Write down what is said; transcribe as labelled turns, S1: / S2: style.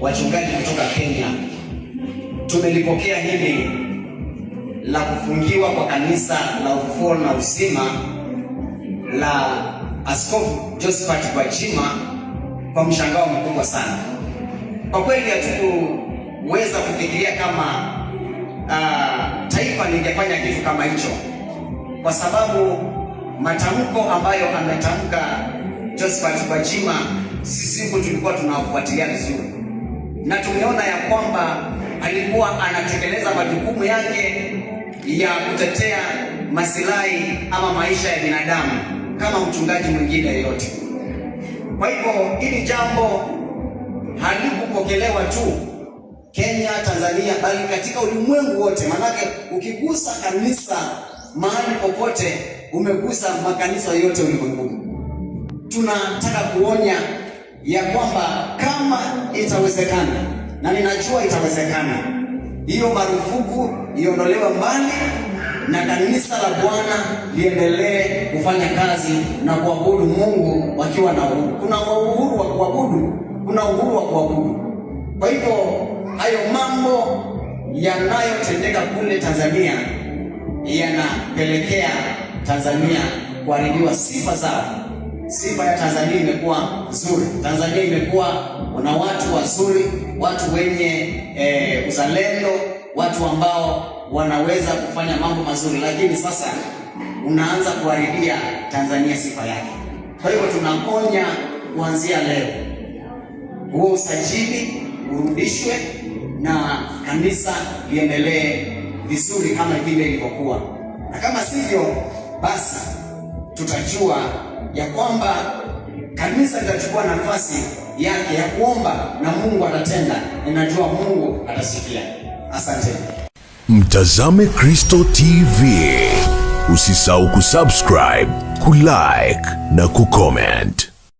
S1: wachungaji kutoka Kenya, tumelipokea hili la kufungiwa kwa kanisa la ufufuo na uzima la Askofu Josephat Gwajima kwa mshangao mkubwa sana. Kwa kweli hatukuweza kufikiria kama uh, taifa lingefanya kitu kama hicho, kwa sababu matamko ambayo ametamka Josephat Gwajima, sisi tulikuwa tunafuatilia vizuri na tumeona ya kwamba alikuwa anatekeleza majukumu yake ya kutetea masilahi ama maisha ya binadamu kama mchungaji mwingine yeyote. Kwa hivyo hili jambo halikupokelewa tu Kenya, Tanzania, bali katika ulimwengu wote, maanake ukigusa kanisa mahali popote, umegusa makanisa yote ulimwenguni. Tunataka kuonya ya kwamba kama itawezekana, na ninajua itawezekana, hiyo marufuku iondolewe mbali na kanisa la Bwana liendelee kufanya kazi na kuabudu Mungu wakiwa na uhuru. Kuna uhuru wa kuabudu, kuna uhuru wa kuabudu. Kwa hivyo hayo mambo yanayotendeka kule Tanzania yanapelekea Tanzania kuharibiwa sifa zao sifa ya Tanzania imekuwa nzuri. Tanzania imekuwa na watu wazuri, watu wenye e, uzalendo, watu ambao wanaweza kufanya mambo mazuri, lakini sasa unaanza kuharibia Tanzania sifa yake. Kwa hivyo tunaponya kuanzia leo, huo usajili urudishwe na kanisa liendelee vizuri kama vile ilivyokuwa, na kama sivyo basi tutajua ya kwamba kanisa litachukua nafasi yake ya kuomba na Mungu atatenda. Ninajua Mungu atasikia. Asante. Mtazame Kristo TV, usisahau kusubscribe, kulike na kucomment.